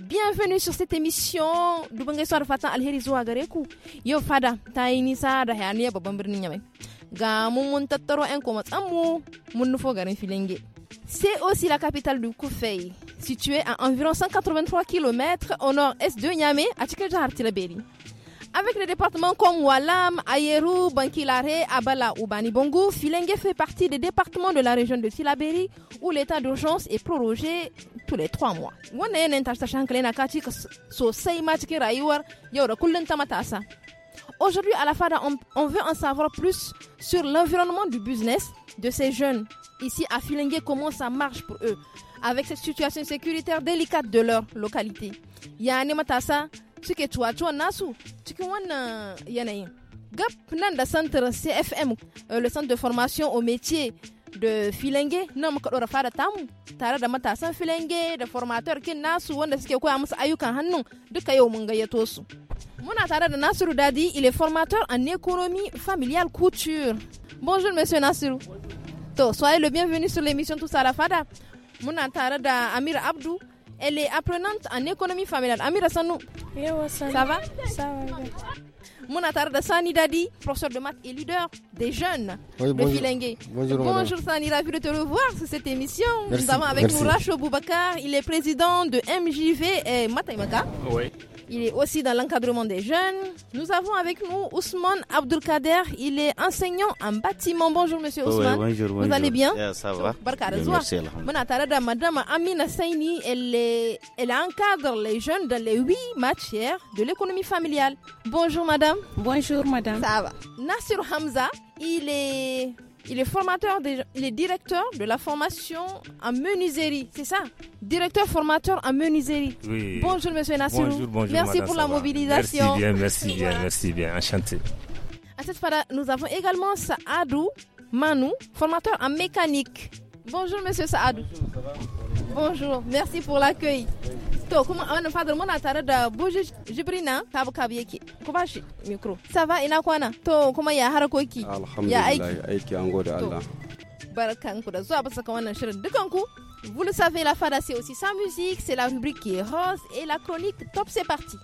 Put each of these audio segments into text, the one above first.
bienvenue sur cette émission du gaisuwa soir fatan alheri zuwa gare yo fada ta yi nisa da hayaniya babban birnin yamai ga mon mun tattaro yan komatsanmu mun nufo garin C'est aussi la capitale du Koufei, située à environ 183 km au nord-est de Niamey, à Tchikedja avec les départements comme Walam, Ayeru, Bankilare, Abala ou Banibongo, Filengue fait partie des départements de la région de Tilaberi où l'état d'urgence est prorogé tous les trois mois. Aujourd'hui, à la FADA, on, veut en savoir plus sur l'environnement du business de ces jeunes ici à Filingue, comment ça marche pour eux, avec cette situation sécuritaire délicate de leur localité. matasa, cikin wannan yanayin gab nan da santar cfm eh, le centre de formation au métier de filenge nan muka ɗora fara tamu tare da matasan filenge da formateur kin nasu wanda suke koya musu ayyukan hannun duka yau mun gayyato su muna tare da nasiru dadi il est formateur en économie familiale couture bonjour monsieur nasiru to soyez le bienvenu sur l'émission tous à la fada muna tare da amir abdu elle est apprenante en économie familiale. Amira Sanou, ça va Ça va. Mounatar Sani Dadi, professeur de maths et leader des jeunes de bonjour. Filengue. Bonjour, Sani, ravi de te revoir sur cette émission. Nous avons avec nous Racho Boubacar, il est président de MJV et Mataimaka. Oui. Il est aussi dans l'encadrement des jeunes. Nous avons avec nous Ousmane Abdulkader. Il est enseignant en bâtiment. Bonjour, monsieur oh, Ousmane. bonjour, Vous allez bien Ça va. Merci, Madame Amina Saini, elle, elle encadre les jeunes dans les huit matières de l'économie familiale. Bonjour, madame. Bonjour, madame. Ça va. Nassir Hamza, il est il est formateur, il directeur de la formation en menuiserie, c'est ça Directeur formateur en menuiserie. Oui. Bonjour Monsieur Nassirou. Bonjour, bonjour. Merci pour la mobilisation. Merci bien, merci bien, merci bien. Enchanté. À cette fois, nous avons également Saadou Manou, formateur en mécanique. Bonjour Monsieur Saadou. Bonjour, ça va Bonjour. merci pour l'accueil. To kuma a wannan fadar muna tare da Buji Jibrina Kabu Kabu yake. Ku ba shi mikro. Safa ina kwana. To kuma ya harkoki. Ya aiki. aiki an gode Allah. Barkanku da zuwa bisa wannan shirin dukanku. Vous le savez, la fada c'est aussi sans musique, c'est la rubrique qui est rose et la chronique top, c'est parti.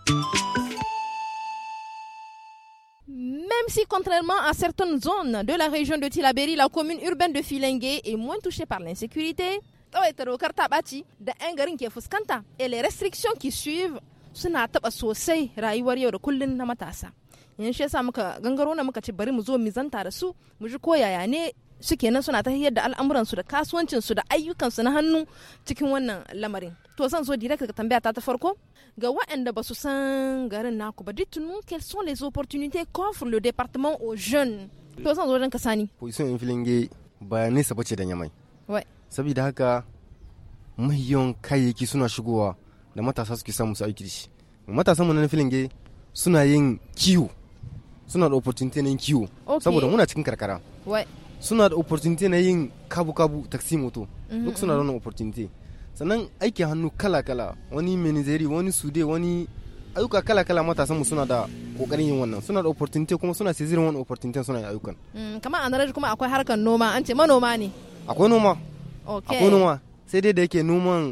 Même si, contrairement à certaines zones de la région de Tilaberi, la commune urbaine de Filengue est moins touchée par l'insécurité, tsawaita dokar ta ɓaci da 'yan garin ke fuskanta ele eh, restriction ki suive suna taɓa sosai rayuwar yau da kullun na matasa yanzu shi yasa muka gangaro na muka ce bari mu zo mu zanta da su mu ji ko yaya ne suke nan suna tahiyar da su da su da ayyukansu na hannu cikin wannan lamarin to san so direct ka tambaya ta ta farko ga waɗanda ba su san garin naku ba dit nous quelles sont les opportunités qu'offre le département aux jeunes to san zo dan ka sani ko sun filinge ba nisa da nyamai wai saboda haka mahiyon kayayyaki suna shigowa da matasa suke samu su aiki da shi matasan mu na filinge suna yin kiwo suna da opportunity na yin kiwo saboda muna cikin karkara suna da opportunity na yin kabu-kabu taxi moto mhm, duk suna da mhm. wannan opportunity sannan aiki hannu kala-kala wani menizeri wani sude wani ayyuka kala-kala matasan mu suna da kokarin yin wannan suna da opportunity kuma suna sezirin wani opportunity suna yin ayyukan mm, kamar a kuma akwai harkar noma an ce manoma ne akwai noma okay. akwai noma sai dai da yake noman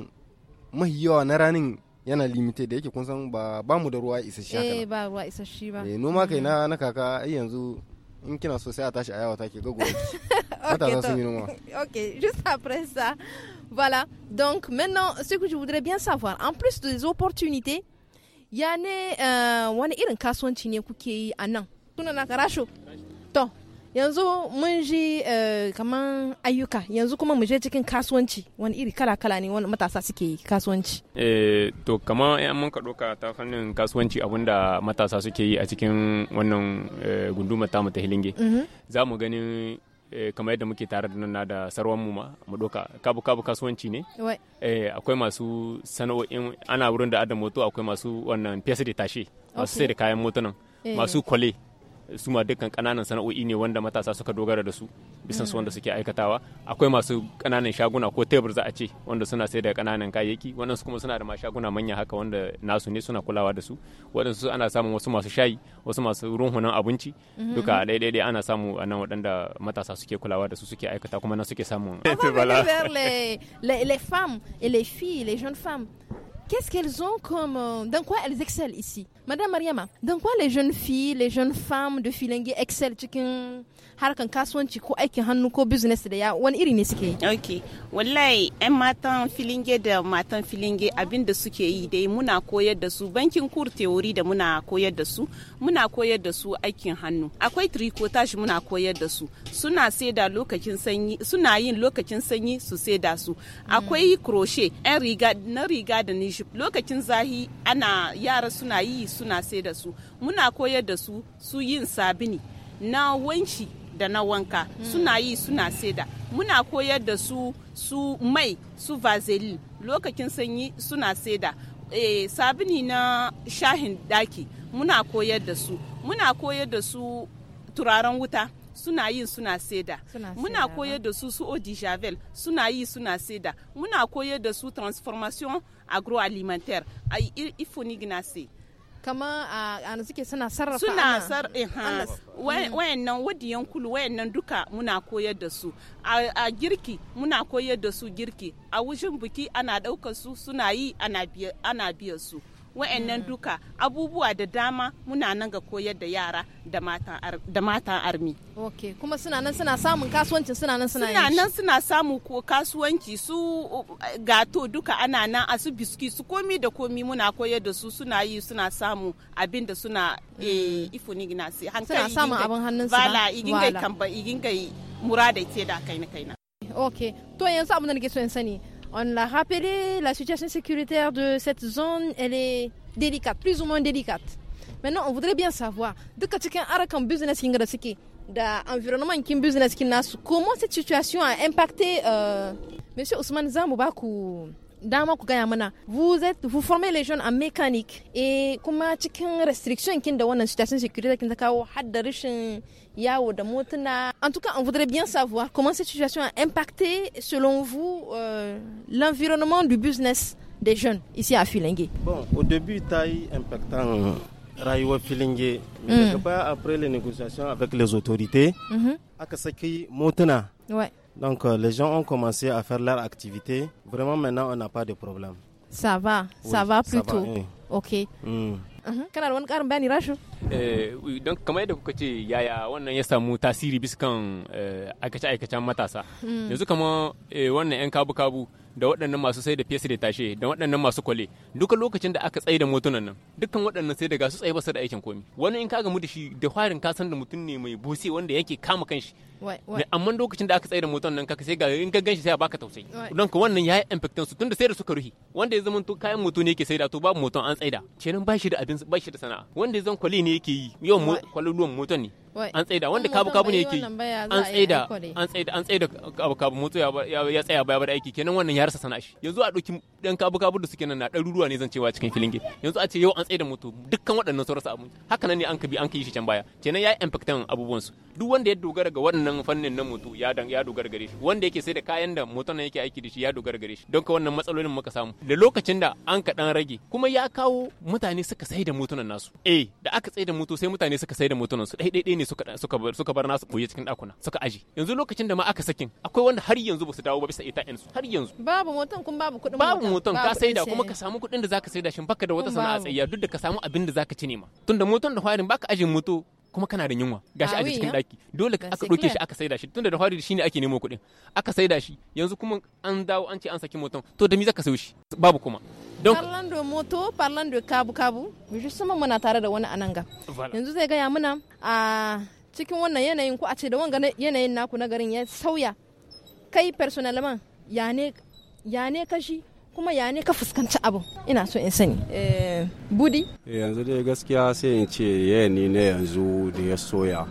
mahi na ranin yana limite da yake kun san ba ba mu da ruwa isasshe eh ba ruwa isasshe ba eh noma kai na mm. na kaka ai yanzu in kina so sai a tashi a yawa take ga gobe matasan sun yi noma ok juste après ça voilà donc maintenant ce que je voudrais bien savoir en plus des opportunités ya ne euh, wani irin kasuwanci ne kuke yi a nan sunan na karasho to yanzu mun ji eh, kaman ayyuka yanzu kuma mu je cikin kasuwanci wani iri kala-kala ne wani matasa suke yi kasuwanci eh, to kama yan mun ka doka ta fannin kasuwanci abinda matasa suke yi a cikin wannan eh, ta mu ta hilinge mm-hmm. za mu ganin kamar yadda muke tare da nan na da sarwan mu ma mu doka kabu kabu kasuwanci ne akwai masu sana'o'in ana wurin da adam moto akwai masu wannan fiyasa da tashe masu sai da kayan motunan masu kwale su ma dukkan kananan sana'o'i ne wanda matasa suka dogara da su bisan su wanda suke aikatawa akwai masu kananan shaguna ko tebur za a ce wanda suna sai da kananan kayayyaki waɗansu kuma suna da ma shaguna manya haka wanda nasu ne suna kulawa da su waɗansu ana samun wasu masu shayi wasu masu runhunan abinci mm-hmm. duka daidai ana samu a nan waɗanda matasa suke kulawa da su suke aikata kuma nan suke samun qu'est-ce qu'elles ont comme euh, dans quoi elles excellent ici Madame Mariama, dans quoi les jeunes filles, les jeunes femmes de Filengue excellent cikin harkan kasuwanci ko aikin hannu ko business da ya wani iri ne suke yi? Ok, wallahi 'yan matan Filinge da matan Filinge abin da suke yi dai muna koyar da su bankin kur teori da muna koyar da su, muna koyar da su aikin hannu. Akwai tricotage muna koyar da su, suna saida lokacin sanyi, suna yin lokacin sanyi su saida su. Akwai crochet, 'yan riga na riga da nishi lokacin zahi ana yara suna yi su suna sai da su muna koyar da su su yin sabini na wanci da na wanka hmm. suna yi suna saida muna koyar da su su mai su vaseline lokacin sanyi suna saida e, eh, sabini na shahin daki muna koyar da su muna koyar da su turaren wuta suna yi suna seda muna koyar da su su odi javel suna yi suna seda muna koyar da su transformation agroalimentaire a kamar a suke suna sarrafa suna sar wadi wadiyan kulu wayannan duka muna koyar da su a girki muna koyar da su girki a wujin biki ana daukar su suna yi ana biya su wa'annan duka abubuwa da dama muna nan ga koyar da yara da matan armi ok kuma suna nan suna samun kasuwanci suna nan suna suna nan suna samun ko kasuwanci su uh, gato duka ana nan a su biski su komi da komi muna koyar da su suna yi suna samu abin da suna ni gina su hankali suna samun abin hannun su bala igingai kamba igingai da ke da kai na. ok to yanzu abin da nake so in sani On l'a rappelé, la situation sécuritaire de cette zone, elle est délicate, plus ou moins délicate. Maintenant, on voudrait bien savoir, de comment cette situation a impacté euh, Monsieur Ousmane Zamboubakou vous êtes vous formez les jeunes en mécanique et comment cikin restriction qui da wannan situation sécurité qui ta kawo hadda de en tout cas on voudrait bien savoir comment cette situation a impacté selon vous euh, l'environnement du business des jeunes ici à Filingue. Bon, au début, taille impactant rayuwar filinge Mais Mais hmm. après les négociations avec les autorités mhm. aka saki motuna Donc euh, les gens ont commencé à faire leur activité. Vraiment maintenant on n'a pas de problème. Ça va, oui, ça va plutôt. Ok. Mm. kana da wani karin bayani rashin eh, don kamar yadda kuka ce yaya wannan ya samu tasiri biskan eh, aikace-aikacen matasa hmm. yanzu kama eh, wannan 'yan kabu-kabu da waɗannan masu sai da fesa da tashe da waɗannan masu kwale duka lokacin da aka tsaye da motunan nan dukkan waɗannan sai daga su tsaye ba su da aikin komi wani in ka gamu da shi da harin ka san da mutum ne mai bose wanda yake kama kanshi amma lokacin da aka tsaye da motar nan kaka sai ga in ka ganshi sai a baka tausayi don ka wannan ya yi impactin su tunda sai da suka ruhi wanda ya zama to kayan moto ne yake sai da to babu motar an tsaida kenan ba shi da abin ba shi da sana'a wanda ya zan kwali ne yake yi yawan kwaluluwan motar ne an tsaida wanda kabu kabu ne yake an tsaida an tsaida an tsaida kabu kabu moto ya tsaya baya bada aiki kenan wannan ya rasa sana'a shi yanzu a dauki dan kabu kabu da suke nan na ɗaruruwa ne zan cewa cikin filinge yanzu a ce yau an tsaida moto dukkan waɗannan sauransu abun haka nan ne an ka bi an kai shi can baya kenan yi impactin abubuwan su duk wanda ya dogara ga wannan wannan fannin na mutu ya dan ya dogara gare shi wanda yake sai da kayan da mutum nan yake aiki da shi ya dogara gare shi don ka wannan matsalolin muka samu da lokacin da an ka dan rage kuma ya kawo mutane suka sai da mutunan nasu eh da aka tsaye da mutu sai mutane suka sai da mutunan su dai dai ne suka suka bar suka bar nasu boye cikin dakuna suka aji yanzu lokacin da ma aka sakin akwai wanda har yanzu ba su dawo ba bisa ita su har yanzu babu mutum kuma babu kuɗin babu mutum ka sai da kuma eh. ka samu kuɗin da zaka sai da shin baka da wata sana'a tsayya duk da ka samu abin da zaka ci ne ma tunda mutum da hwarin baka aje mutu kuma kana da yunwa gashi a cikin daki dole aka ɗauke shi aka saida shi tunda da shi shine ake nemo kuɗin aka saida shi yanzu kuma an dawo an ce an saki moton to da me zaka sayo shi babu kuma don parlando moto, parlando kabu kabu ji sama muna tare da wani ananga. Yanzu zai gaya muna a cikin wannan yanayin ko a ce da wanga yanayin naku na garin ya sauya. Kai personalman ya ne kashi kuma ya ne ka fuskanci abu ina so in sani eh, budi eh, yanzu dai gaskiya sai in ce ya ni ne yanzu da ya soya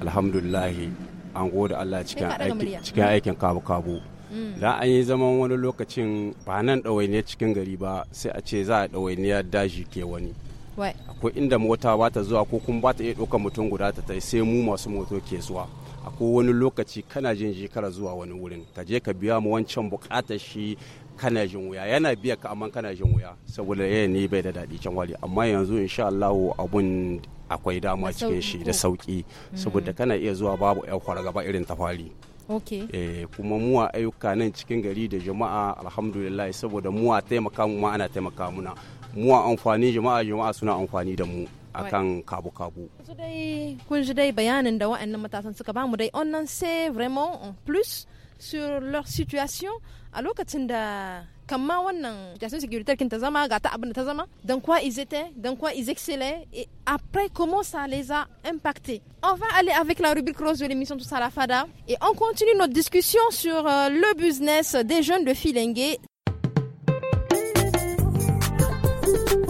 alhamdulahi an gode Allah cikin aikin kabu-kabu da mm. an yi zaman wani lokacin ba nan ɗawainiyar cikin gari ba sai a ce za a ɗawainiyar daji ke wani akwai inda mota ba ta zuwa ko kuma ba ta iya ɗaukar mutum guda ta tai sai mu masu moto ke zuwa akwai wani lokaci kana jin jikara zuwa wani wurin ka je ka biya mu wancan bukatar shi kana jin wuya yana biya ka amma kana jin wuya saboda yayi ne bai da dadi can wali amma yanzu insha Allah abun akwai dama cikin shi da sauki mm. saboda kana iya zuwa babu ya kwara gaba irin ta fari eh kuma muwa ayyuka nan cikin gari da jama'a alhamdulillah saboda muwa taimaka mu ma ana taimaka muna muwa amfani jama'a jama'a suna amfani da mu akan kabu-kabu. Kun ji dai bayanin da wa'annan matasan suka ba mu dai on en vraiment plus sur leur situation a lokacin da kamma wannan ta dans quoi ils étaient dans quoi ils excellaient et après comment ça les a impactés on va aller avec la rubrique rose de l'émission Tout ça et on continue notre discussion sur euh, le business des jeunes de Filengue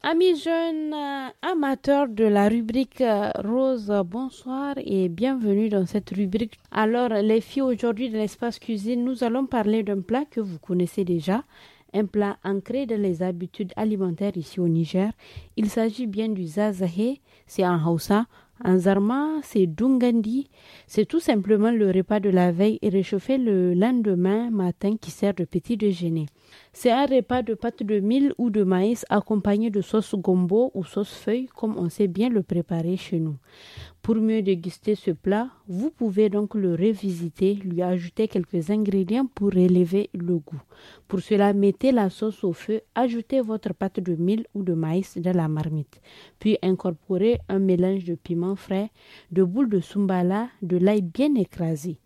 Amis jeunes euh, amateurs de la rubrique euh, rose, bonsoir et bienvenue dans cette rubrique. Alors les filles, aujourd'hui de l'espace cuisine, nous allons parler d'un plat que vous connaissez déjà, un plat ancré dans les habitudes alimentaires ici au Niger. Il s'agit bien du zazahé, c'est en Hausa, en zarma, c'est dungandi. C'est tout simplement le repas de la veille et réchauffé le lendemain matin qui sert de petit déjeuner. C'est un repas de pâte de mil ou de maïs accompagné de sauce gombo ou sauce feuille comme on sait bien le préparer chez nous. Pour mieux déguster ce plat, vous pouvez donc le revisiter, lui ajouter quelques ingrédients pour élever le goût. Pour cela, mettez la sauce au feu, ajoutez votre pâte de mil ou de maïs dans la marmite, puis incorporez un mélange de piment frais, de boules de sumbala, de l'ail bien écrasé.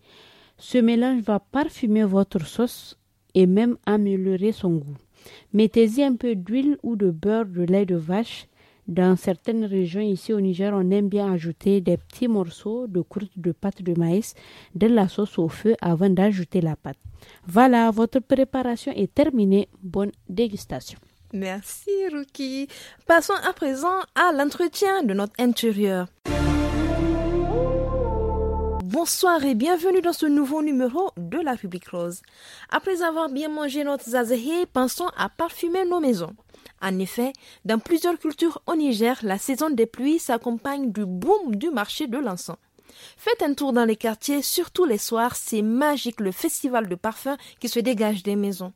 Ce mélange va parfumer votre sauce et même améliorer son goût. Mettez-y un peu d'huile ou de beurre de lait de vache dans certaines régions ici au Niger, on aime bien ajouter des petits morceaux de croûte de pâte de maïs de la sauce au feu avant d'ajouter la pâte. Voilà, votre préparation est terminée. Bonne dégustation. Merci Ruki. Passons à présent à l'entretien de notre intérieur. Bonsoir et bienvenue dans ce nouveau numéro de la Public Rose. Après avoir bien mangé notre azahé, pensons à parfumer nos maisons. En effet, dans plusieurs cultures au Niger, la saison des pluies s'accompagne du boom du marché de l'encens. Faites un tour dans les quartiers, surtout les soirs, c'est magique le festival de parfums qui se dégage des maisons.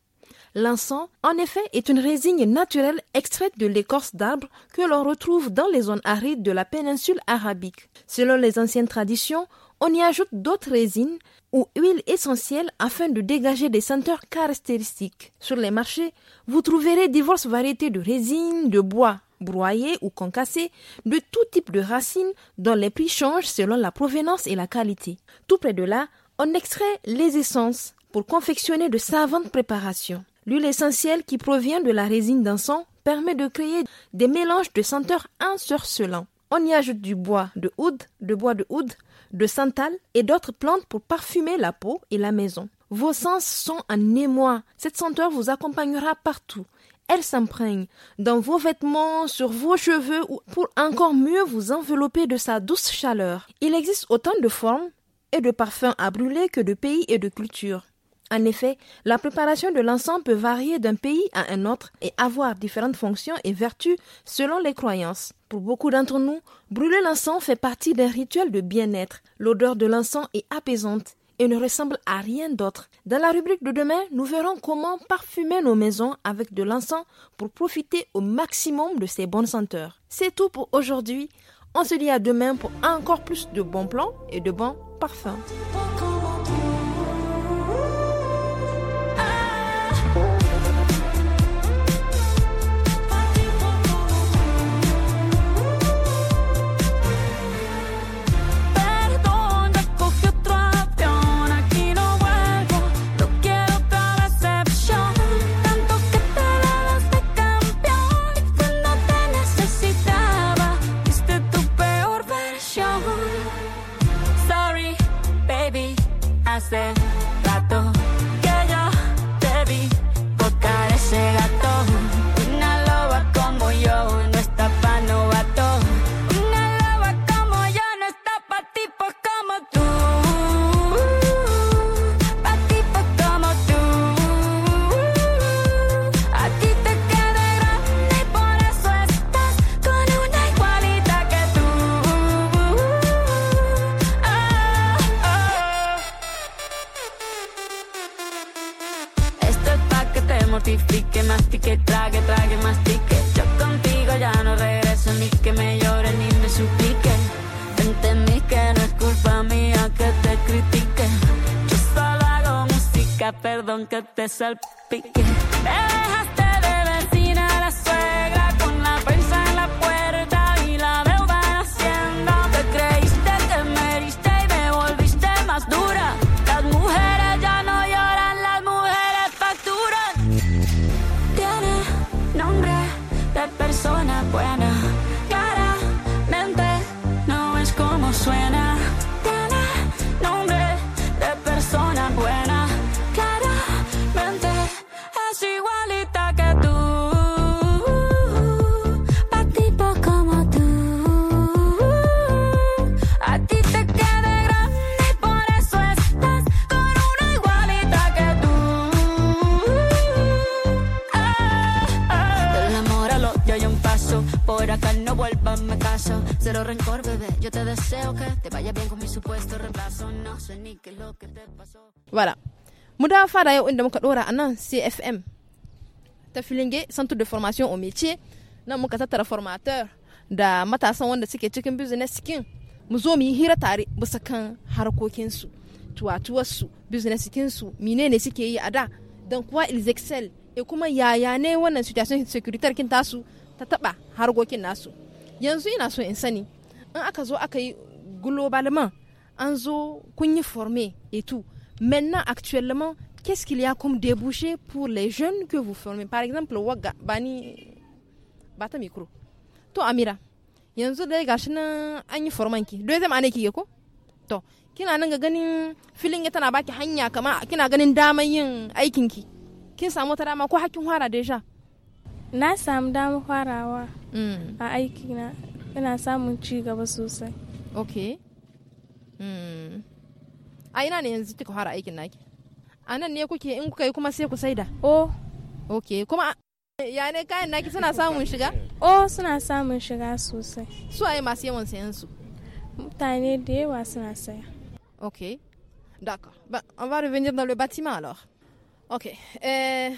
L'encens, en effet, est une résine naturelle extraite de l'écorce d'arbres que l'on retrouve dans les zones arides de la péninsule arabique. Selon les anciennes traditions, on y ajoute d'autres résines ou huiles essentielles afin de dégager des senteurs caractéristiques. Sur les marchés, vous trouverez diverses variétés de résine, de bois broyés ou concassés, de tout type de racines dont les prix changent selon la provenance et la qualité. Tout près de là, on extrait les essences pour confectionner de savantes préparations. L'huile essentielle qui provient de la résine d'encens permet de créer des mélanges de senteurs insurcelants. On y ajoute du bois de houde, de bois de oud, de santal et d'autres plantes pour parfumer la peau et la maison. Vos sens sont en émoi. Cette senteur vous accompagnera partout. Elle s'imprègne dans vos vêtements, sur vos cheveux ou pour encore mieux vous envelopper de sa douce chaleur. Il existe autant de formes et de parfums à brûler que de pays et de cultures. En effet, la préparation de l'encens peut varier d'un pays à un autre et avoir différentes fonctions et vertus selon les croyances. Pour beaucoup d'entre nous, brûler l'encens fait partie d'un rituel de bien-être. L'odeur de l'encens est apaisante et ne ressemble à rien d'autre. Dans la rubrique de demain, nous verrons comment parfumer nos maisons avec de l'encens pour profiter au maximum de ses bonnes senteurs. C'est tout pour aujourd'hui. On se dit à demain pour encore plus de bons plans et de bons parfums. press al pique. deseo que te vaya bien con mi supuesto reemplazo. No sé ni qué es lo que te pasó. Voilà. Muda fara yo inda muka dora a CFM Te Filinge, Centre de Formation au Métier, nan muka tattara formateur da matasan wanda suke cikin business kin mu zo mu yi hira tare bisa kan harkokinsu, su, business kinsu, menene suke yi a da, don kuwa ils excel e kuma yaya ne wannan situation securitaire kin tasu ta taba harkokin nasu. Yanzu ina so in sani in aka zo aka yi globalement an zo kun yi formé et tout maintenant actuellement qu'est-ce qu'il y a comme débouché pour les jeunes que vous formez par exemple waga bani bata micro to amira yanzu dai gashi nan an yi forman ki deuxième année kike ko to kina nan ga ganin filin ya tana baki hanya kama kina ganin damar yin aikin ki kin samu ta dama ko hakin fara deja na samu damar farawa mm. a aikina. yana samun ci gaba sosai ok hmm. a ina ne yanzu kika fara aikin naki a nan ne kuke in kuka yi kuma sai ku saida oh ok kuma ya ne kayan naki suna samun shiga oh suna samun shiga sosai su a yi masu yawan sayan su mutane da yawa suna saya ok d'accord bah, on va revenir dans le bâtiment alors ok eh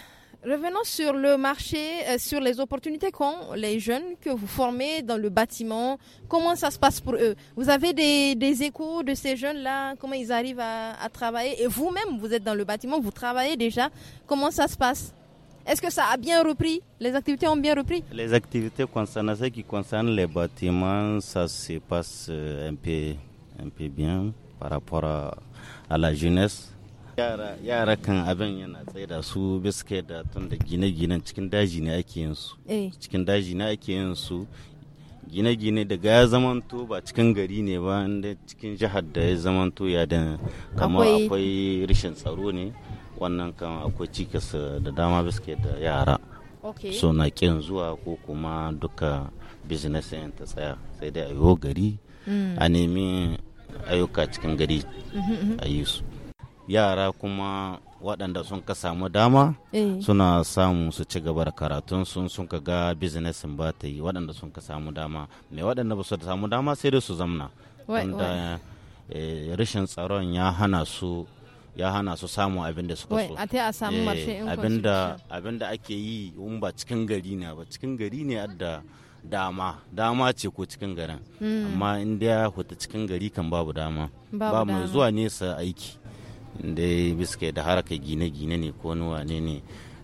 Revenons sur le marché, euh, sur les opportunités qu'ont les jeunes que vous formez dans le bâtiment. Comment ça se passe pour eux Vous avez des, échos de ces jeunes-là Comment ils arrivent à, travailler Et vous-même, vous êtes dans le bâtiment, vous travaillez déjà. Comment ça se passe Est-ce que ça a bien repris Les activités ont bien repris Les activités concernant qui concerne les bâtiments, ça se passe euh, un peu, bien par rapport à, à la jeunesse yara kan abin yana tsaida su biske da tun da gine-ginen cikin daji ne ake yin su eh. cikin daji ne ake yin su gine-gine daga ya zamanto ba cikin gari ne ba inda cikin jihar da ya zamanto ya da kama akwai rashin tsaro ne wannan kan akwai cikas da dama biske da yara so na kin zuwa ko kuma duka business ta tsaya sai dai a yi gari mm. a nemi ayyuka cikin gari mm-hmm, mm-hmm. a yi su yara kuma waɗanda sun ka samu dama eh. suna samu su ci gaba da karatun sun sun ka ga bizinesin ba ta yi waɗanda sun ka samu dama mai waɗanda ba su samu dama sai dai su zamna wanda eh, rashin tsaron ya hana su ya hana su samu abin da suka so eh, abin da ake yi in ba cikin gari ne ba cikin gari ne adda dama dama ce ko cikin garin hmm. amma in da ya huta cikin gari kan babu dama ba mai zuwa nesa aiki dai biske da haraka gine-gine ne ko wani wane ne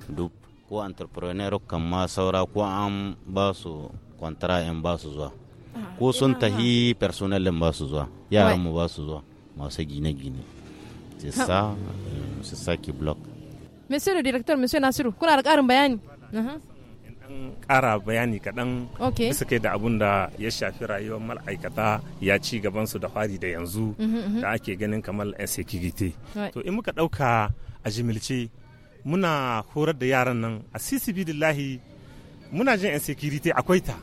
duk ko entrepreneur kan ma saura ko an ba su kwantara yan ba su zuwa ah, ko sun tahi personalin ba su zuwa yaran mu ba su zuwa masu gine-gine c'est ça ki ça qui monsieur le directeur monsieur nasiru kuna da karin bayani kara bayani kaɗan bisa kai da abun da ya shafi rayuwar ma'aikata ya ci gabansu da fari da yanzu mhm, mhm. da ake ganin kamar insecurity to in muka ɗauka a jimilce muna horar da yaran nan a lahi muna jin insecurity akwai ta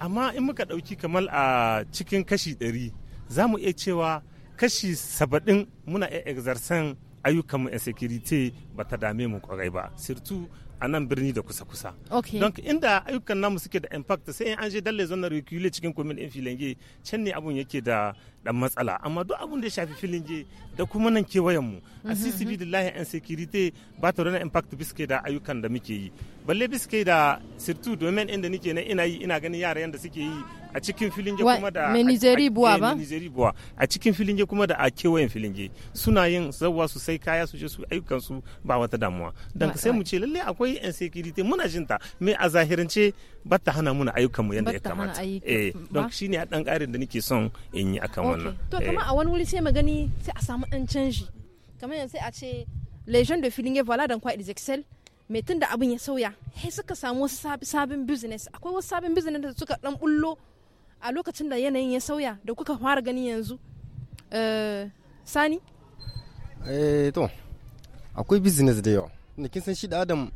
amma in muka ɗauki kamar a cikin kashi ɗari za mu iya cewa kashi saba'in muna iya ayyukan ayyukanmu insecurity ba ta dame mu kwarai ba sirtu a nan birni da kusa-kusa. Okay. donc inda ayyukan namu suke da impact sai an je dalle zonar recule cikin komin ɗin filange can ne abun yake da dan matsala amma duk abun da ya shafi filin je da kuma nan kewayen mu a mhm, ccb da mhm. lahi an security ba ta rana impact biske da ayyukan da muke yi balle biske da sirtu domin inda nike na ina yi ina ganin yara yanda suke yi a cikin filin je kuma da menizeri buwa eh, ba menizeri buwa a cikin filin je kuma da a kewayen filin je suna yin zawwa su sai kaya su je su ayyukan su ba wata damuwa dan sai mu ce lalle akwai an security muna ta me a zahirance ba ta hana muna ayyukan mu yanda ya kamata eh don shine a dan karin da nake son in yi akan wannan to kamar a wani wuri sai magani sai a samu dan canji kamar yanzu sai a ce les de filin voilà dans quoi ils excellent mai tun da abin ya sauya sai suka samu wasu sabin business akwai wasu sabin business da suka dan bullo a lokacin da yanayin ya sauya da kuka fara gani yanzu sani eh, to akwai business da yau da kin san shi da adam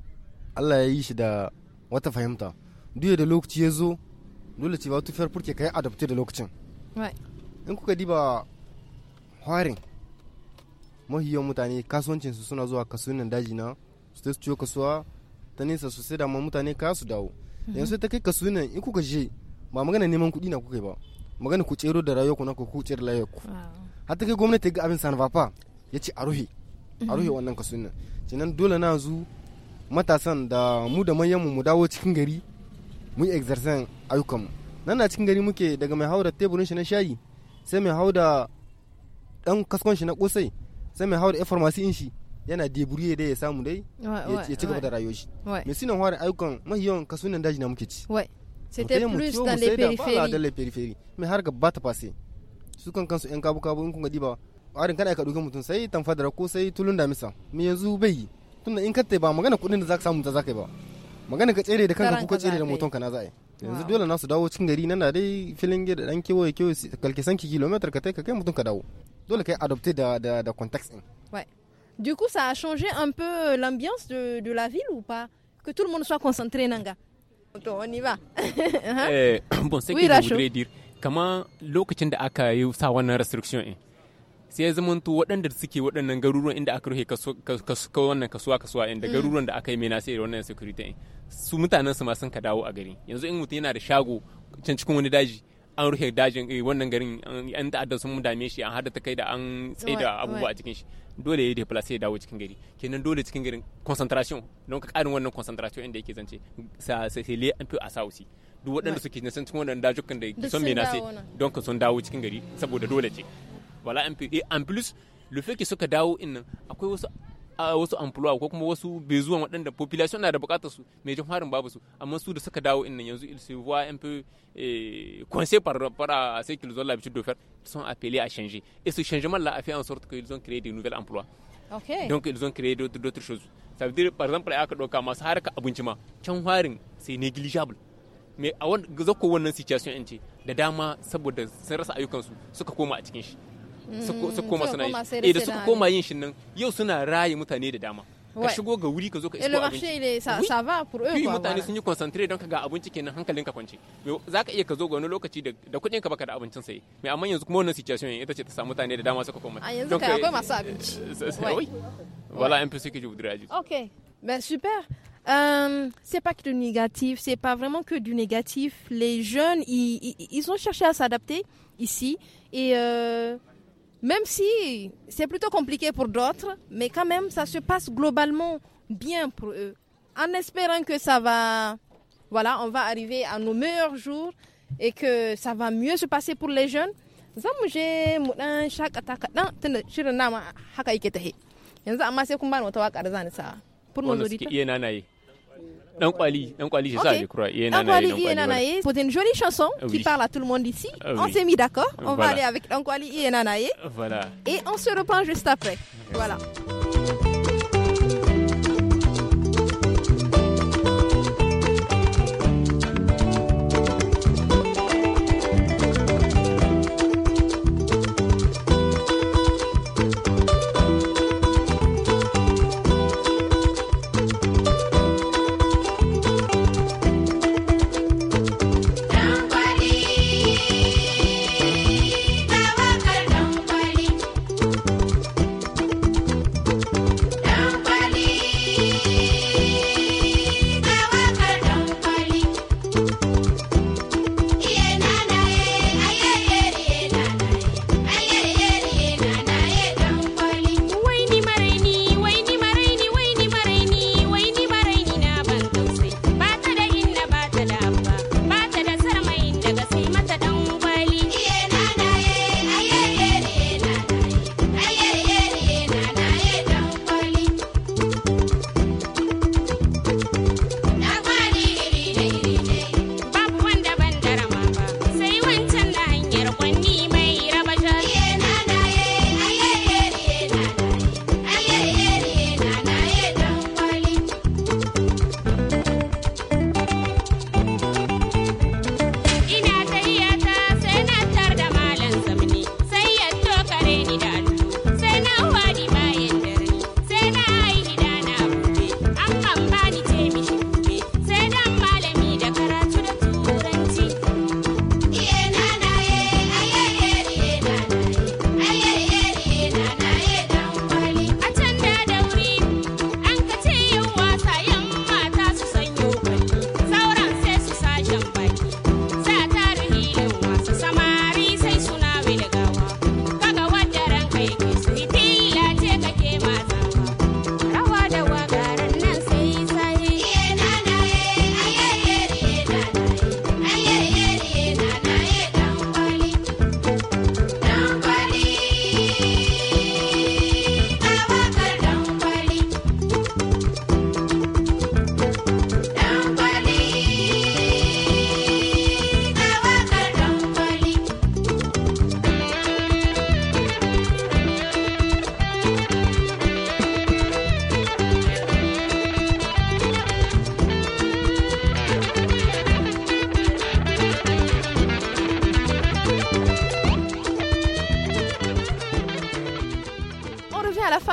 Allah ya yi shi da wata fahimta duk da lokaci ya zo dole ce ba tufiyar furke yi adapte da lokacin in kuka diba harin mahiyan mutane kasuwancinsu suna zuwa kasuwannin daji na su ta ciyo kasuwa ta nesa su sai da mutane kaya su dawo mhm. yanzu ta kai kasuwannin in kuka je ba magana neman kuɗi na kuka ba magana ku tsero da rayuwa ku na ku kucer rayuwa ku har ta kai gwamnati ga abin san vafa ya ce a ruhe a ruhe mhm. wannan kasuwannin kenan dole na zu matasan da mu da manyan mu dawo cikin gari mu yi exercise ayyukanmu nan na cikin gari muke daga mai haura teburin shi na shayi sai mai hau da dan kaskon shi na kusai sai mai hau da farmasi in shi yana deburiye dai ya samu dai ya ci gaba da rayuwar shi mai sinan da ayyukan yawan kasunan daji na muke ci c'était plus dans les périphéries voilà dans les périphéries mais har gaba ta passé su kan kansu yan kabu kabu in kun ga diba arin kana ka dauki mutum sai tamfa da ko sai tulun da misa me yanzu bai tunda in ka ba magana kudin da zaka samu ta zaka yi ba magana ka tsere da kanka ko ka tsere da motonka ka na za'a yi yanzu dole na su dawo cikin gari nan da dai filin gida dan kewaye kewaye kalkisan ki kilometer ka kai ka kai mutum ka dawo dole kai adopter da da da context din ouais du coup ça a changé un peu euh, l'ambiance de de la ville ou pas que tout le monde soit concentré nanga to on y va hein? eh bon c'est que je voudrais dire kamar lokacin da aka yi sa wannan restriction din sai ya zamanto waɗanda suke waɗannan garuruwan inda aka rufe wannan kasuwa kasuwa inda mm. garuruwan da aka yi mena sai da wannan security su mutanen su ma sun ka dawo a gari yanzu in mutum yana da shago can cikin wani daji an rufe dajin eh, wannan garin an ta'addar sun dame shi an hada ta kai da an tsaida abubuwa a cikin shi dole ya deplace sai ya dawo cikin gari kenan dole cikin garin concentration don ka karin wannan concentration inda yake zance sai le an fi a sausi duk waɗanda suke na san cikin wannan dajukan da son mena sai don ka sun dawo cikin gari saboda dole ce wala an fi en eh, plus lufe fait suka dawo in akwai wasu a wasu amfuluwa ko kuma wasu bezuwan waɗanda population na da bukatar su mai jin harin babu su amma su da suka dawo in nan yanzu il se voit un peu eh, coincé par rapport à ce qu'ils ont l'habitude de faire sont appelés à changer et ce changement là a fait en sorte qu'ils ont créé de nouvelles emplois okay. donc ils ont créé d'autres choses ça veut dire par exemple aka doka masu harka abinci ma can harin c'est négligeable mais a wannan situation in ce da dama saboda sun rasa su suka koma a cikin shi Mm. su koma suna yi eh da suka koma yin shin nan yau suna raye mutane da dama ka shigo ga wuri ka zo ka eh, isko abinci ça va pour eux mutane sun yi concentrate don ka ga abinci kenan hankalin ka kwance zaka iya ka zo ga wani lokaci da kudin ka baka da abincin sai mai amma yanzu kuma wannan situation ita ce ta samu mutane da dama suka koma a yanzu kai akwai masu abinci eh, voilà un peu ce que je voudrais dire ok ben super Euh, c'est pas que du négatif, c'est pas vraiment que du négatif. Les jeunes, ils, ils, ils ont cherché à s'adapter ici et euh, même si c'est plutôt compliqué pour d'autres, mais quand même, ça se passe globalement bien pour eux. En espérant que ça va, voilà, on va arriver à nos meilleurs jours et que ça va mieux se passer pour les jeunes. Un Kwali, c'est ça, je crois. Un Kwali, une jolie chanson ah qui parle à tout le monde ici. Ah on s'est mis d'accord. On va aller avec un et Nanae. Voilà. Et on se reprend juste après. Voilà.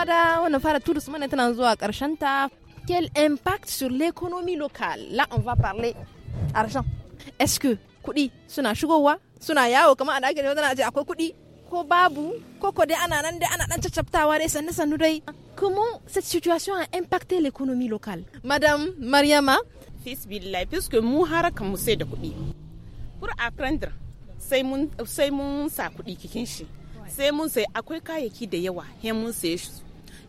kada wannan fara turus mana tana zuwa karshen ta quel impact sur l'économie locale là on va parler argent est-ce que kudi suna shigowa suna yawo kamar a dakin wanda ce akwai kudi ko babu ko ko dai ana nan dai ana dan caccaptawa dai sannu sanu dai comment cette situation a impacté l'économie locale madame mariama fils billahi puisque mu haraka mu sai da kudi pour apprendre sai mun sai mun sa kudi kikin shi sai mun sai akwai kayayyaki da yawa he mun sai su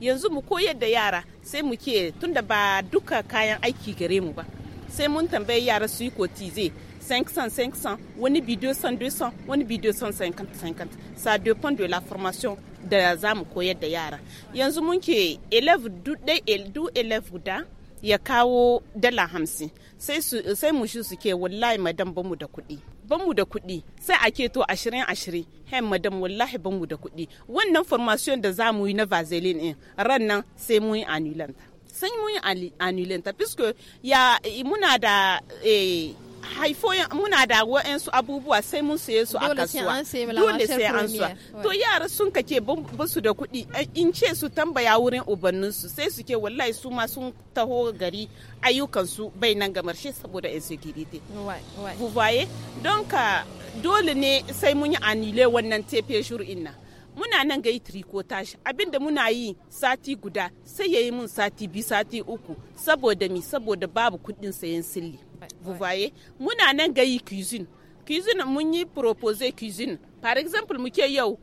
yanzu mu koyar da yara sai mu ke tunda ba duka kayan aiki gare mu ba sai mun tambayi yara su yi kotize 500-500 wani bidiyo 200 wani bidiyo 150-50 sa depend de la formation da za mu koyar da yara yanzu mun ke du elef da ya kawo dala 50 sai mu shi ke wallahi madan bamu da kuɗi banmu da kuɗi sai a ke ashirin ashirin hen madam wallahi banmu da kuɗi wannan formation da za mu yi na vaseline in ran nan sai mu yi anulanta sai mu yi anulanta puisque ya muna da eh, haifoyin muna da wa'ansu abubuwa sai mun saye su a kasuwa dole sai an suwa to yara sun kake basu da kuɗi eh, in ce su tambaya wurin ubanninsu sai su ke wallahi su ma sun taho gari ayyukansu bai nan ga marshe saboda insecurity buvaye don ka dole ne sai mun yi anile wannan tefe shur'in nan muna nan ga yi trikotash abinda muna yi sati guda sai ya yi mun sati biyu sati uku saboda mi saboda babu kuɗin sayan silli vous voyez muna nan gayi cuisine cuisine mun yi proposer cuisine par exemple muke yau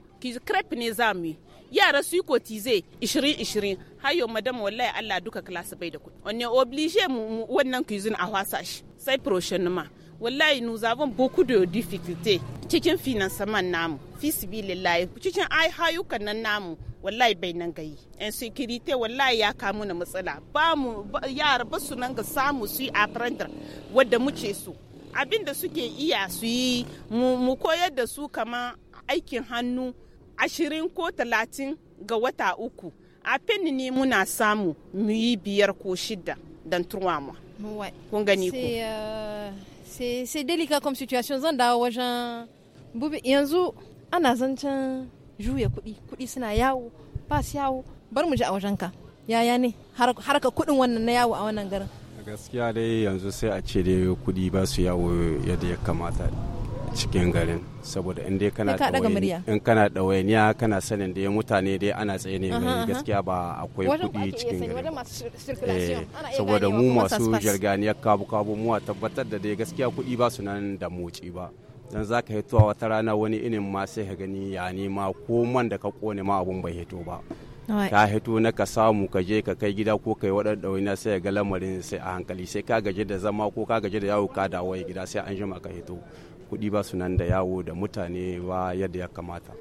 crepe ne za mu yi yara su yi kotize 20-20 hayo madam wallahi Allah duka klasa bai da kuɗi on est mu wannan cuisine a wasa shi sai prochainement wallahi nous avons beaucoup de difficultés cikin finansaman namu fi sibilillahi cikin hayukan nan namu wallahi bai nan gayi yan security wallahi ya kamu na matsala ba mu yara ba su nan ga samu su yi aprender wadda muke su abin da suke iya su yi mu koyar da su kama aikin hannu ashirin ko talatin ga wata uku a ne muna samu mu yi biyar ko shida don turwa mu kun gani ku euh, c'est délicat comme situation zan dawo wajen yanzu ana zancen juya kuɗi kuɗi suna yawo ba su yawo bar mu ji a ka yaya ne harka kuɗin wannan na yawo a wannan garin gaskiya dai yanzu sai a ce dai kuɗi ba su yawo yadda ya kamata cikin garin saboda in dai kana in kana ɗawainiya kana sanin dai mutane dai ana tsaye ne mai gaskiya ba akwai kuɗi cikin garin saboda mu masu jirganiyar kabu kabu mu a tabbatar da dai gaskiya kuɗi ba su nan da motsi ba don za ka a wata rana wani inin ma sai ka gani ya nema ko man da ka kone ma abun bai hito ba ka hito na ka samu ka je ka kai gida ko kai waɗanda wani sai ga lamarin sai a hankali sai ka gaje da zama ko ka gaje da yawo ka dawo gida sai an jima ka hito kudi ba su nan da yawo da mutane ba yadda ya kamata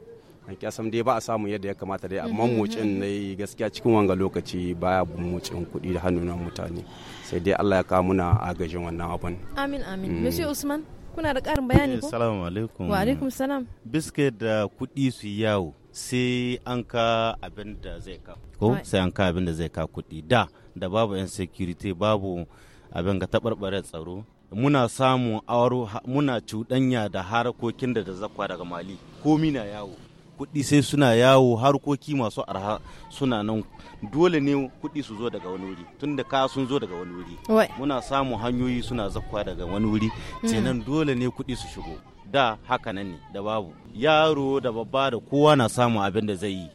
an kyasam dai ba a samu yadda ya kamata dai amma mm-hmm, mm-hmm. mocin ne gaskiya cikin wanga lokaci baya mucin kudi da hannunan mutane sai dai Allah ya kawo muna agajin wannan abun amin amin mm. monsieur usman kuna da ƙarin bayani eh, ko salamu alaikum wa alaikum salam biske da kuɗi su yawo sai an ka abin da zai ka ko sai an ka abin da zai ka kuɗi da da babu yan security babu abin ga taɓarɓare tsaro muna samun auro muna cuɗanya da harakokin da da zakwa daga mali komi na yawo kuɗi sai suna yawo harkoki masu arha suna nan dole ne kuɗi su zo daga wani wuri tun da kaya sun zo daga wani wuri muna samun hanyoyi suna zakwa daga wani wuri kenan hmm. dole ne kuɗi su shigo da haka nan ne da babu yaro da babba da kowa na samu abin da zai yi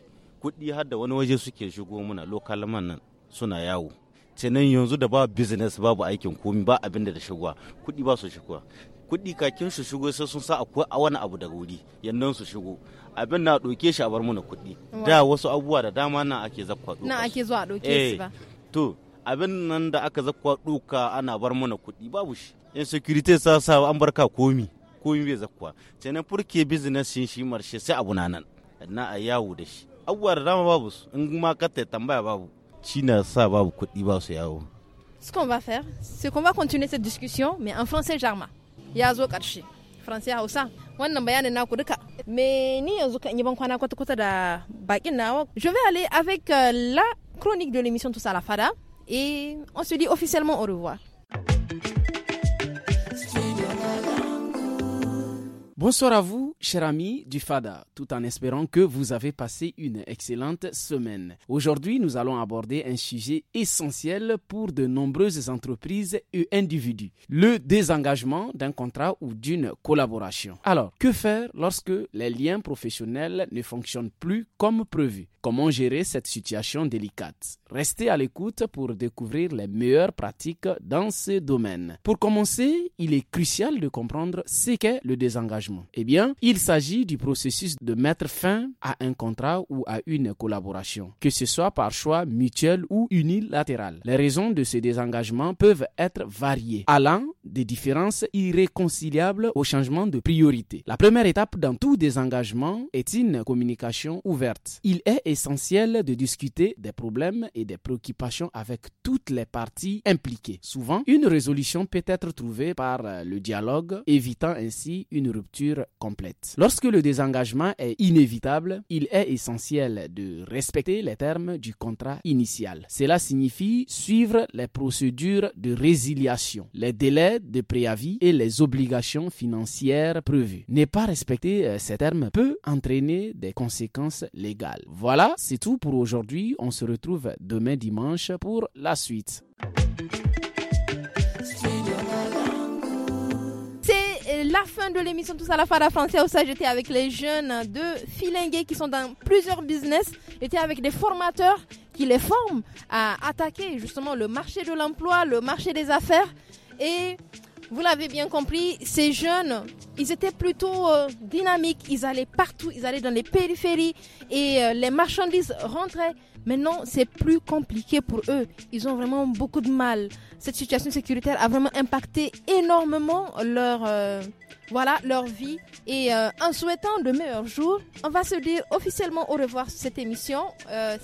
kuɗi har da wani waje suke shigo muna lokal man nan suna yawo kenan yanzu da ba business babu aikin komi ba abin da shigowa kuɗi ba su shigowa kuɗi kakin su shigo sai sun sa akwai a wani abu daga wuri yannan su shigo abin na ɗauke shi a bar mana kuɗi da wasu abubuwa da dama na ake zakwa na ake zuwa ɗauke eh, su ba to abin nan da aka zakwa ɗuka ana bar mana kuɗi babu shi in security sa sa an barka komi komi bai zakwa na furke business shin shi marshe sai abu na nan na a yawo da shi abubuwa da dama babu su in ma ka tambaya babu shi na sa babu kuɗi ba su yawo Ce qu'on va faire, c'est qu'on va continuer cette discussion, mais en français, Jarma. ya zo ƙarshe faransa hausa wannan bayanin naku duka me ni yanzu kan yi ban kwana kwata kwata da bakin nawa je vais aller avec euh, la chronique de l'émission tout à la fada et on se dit officiellement au revoir Bonsoir à vous, chers amis du FADA, tout en espérant que vous avez passé une excellente semaine. Aujourd'hui, nous allons aborder un sujet essentiel pour de nombreuses entreprises et individus, le désengagement d'un contrat ou d'une collaboration. Alors, que faire lorsque les liens professionnels ne fonctionnent plus comme prévu Comment gérer cette situation délicate Restez à l'écoute pour découvrir les meilleures pratiques dans ce domaine. Pour commencer, il est crucial de comprendre ce qu'est le désengagement. Eh bien, il s'agit du processus de mettre fin à un contrat ou à une collaboration, que ce soit par choix mutuel ou unilatéral. Les raisons de ce désengagement peuvent être variées, allant des différences irréconciliables au changement de priorité. La première étape dans tout désengagement est une communication ouverte. Il est essentiel de discuter des problèmes et des préoccupations avec toutes les parties impliquées. Souvent, une résolution peut être trouvée par euh, le dialogue, évitant ainsi une rupture complète. Lorsque le désengagement est inévitable, il est essentiel de respecter les termes du contrat initial. Cela signifie suivre les procédures de résiliation, les délais de préavis et les obligations financières prévues. Ne pas respecter euh, ces termes peut entraîner des conséquences légales. Voilà c'est tout pour aujourd'hui. On se retrouve demain dimanche pour la suite. C'est la fin de l'émission Tous à la Fada Française. Ça, j'étais avec les jeunes de Filingué qui sont dans plusieurs business. J'étais avec des formateurs qui les forment à attaquer justement le marché de l'emploi, le marché des affaires. Et vous l'avez bien compris, ces jeunes, ils étaient plutôt euh, dynamiques, ils allaient partout, ils allaient dans les périphéries et euh, les marchandises rentraient. Maintenant, c'est plus compliqué pour eux. Ils ont vraiment beaucoup de mal. Cette situation sécuritaire a vraiment impacté énormément leur, euh, voilà, leur vie. Et en souhaitant de meilleurs jours, on va se dire officiellement au revoir sur cette émission. Euh,